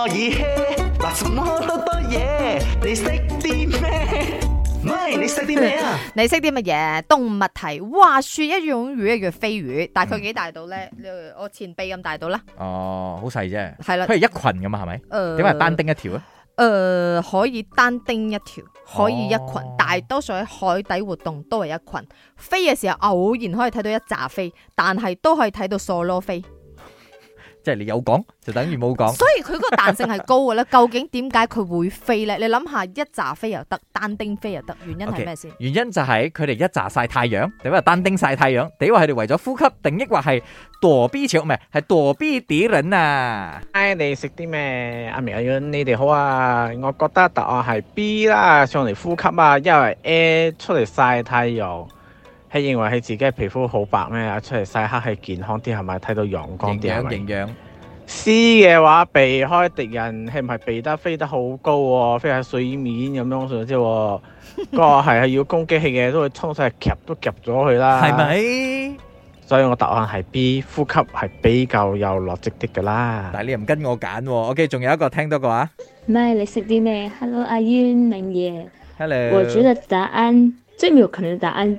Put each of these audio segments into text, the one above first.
Yeah, 多嘢，yeah？ 你識啲咩？唔係， 你識啲咩啊？你識啲乜嘢？動物題，話說一種魚，叫飛魚，大概佢幾大到咧？嗯、我前臂咁大到啦。哦，好細啫。係啦了，譬如一群㗎嘛，係咪？誒，點解單丁一條啊？誒、呃、可以單丁一條，可以一群。哦、大多數喺海底活動都係一群。飛嘅時候偶然可以睇到一紮飛，但係都可以睇到 solo 飛。即係你有講就等於冇講，所以佢嗰個彈性係高嘅咧。究竟點解佢會飛咧？你諗下一紮飛又得，單丁飛又得，原因係咩先？原因就係佢哋一紮曬太陽，定話單丁曬太陽？你話佢哋為咗呼吸，定抑或係躲避潮咩？唔係，係躲避敵人啊！哎，你食啲咩？阿明阿勇，你哋好啊！我覺得答案係 B 啦，上嚟呼吸啊，因為 A 出嚟曬太陽。係認為佢自己嘅皮膚好白咩？出嚟曬黑係健康啲，係咪睇到陽光啲？營養營養。C 嘅話避開敵人，係唔係避得飛得好高？哦，飛喺水面咁樣，所以即係，個係啊要攻擊佢嘅，都會衝晒夾都夾咗佢啦，係咪？所以我答案係 B，呼吸係比較有邏輯啲㗎啦。但係你又唔跟我揀，OK？仲有一個聽多個啊？唔係你食啲咩？Hello，阿淵明夜。Hello。我覺得答案最有可能嘅答案。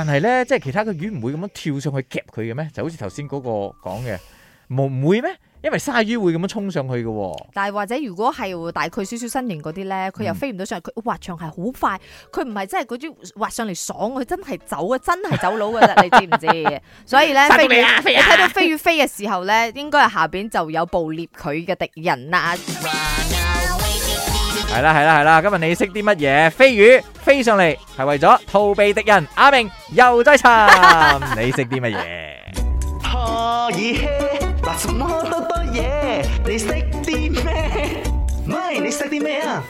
但係咧，即係其他嘅魚唔會咁樣跳上去夾佢嘅咩？就好似頭先嗰個講嘅，冇唔會咩？因為鯊魚會咁樣衝上去嘅、哦。但係或者如果係大概少少身形嗰啲咧，佢又飛唔到上去。佢滑翔係好快，佢唔係真係嗰種滑上嚟爽，佢真係走嘅，真係走佬噶啦， 你知唔知道？ 所以咧，飛我睇到,、啊、到飛魚飛嘅時候咧， 應該係下邊就有捕獵佢嘅敵人啦。係啦，係啦，係啦，今日你識啲乜嘢？飛魚飛上嚟係為咗逃避敵人。阿明又再參，你識啲乜嘢？可以咩？嗱，什麼都多嘢？你識啲咩？咪你識啲咩啊？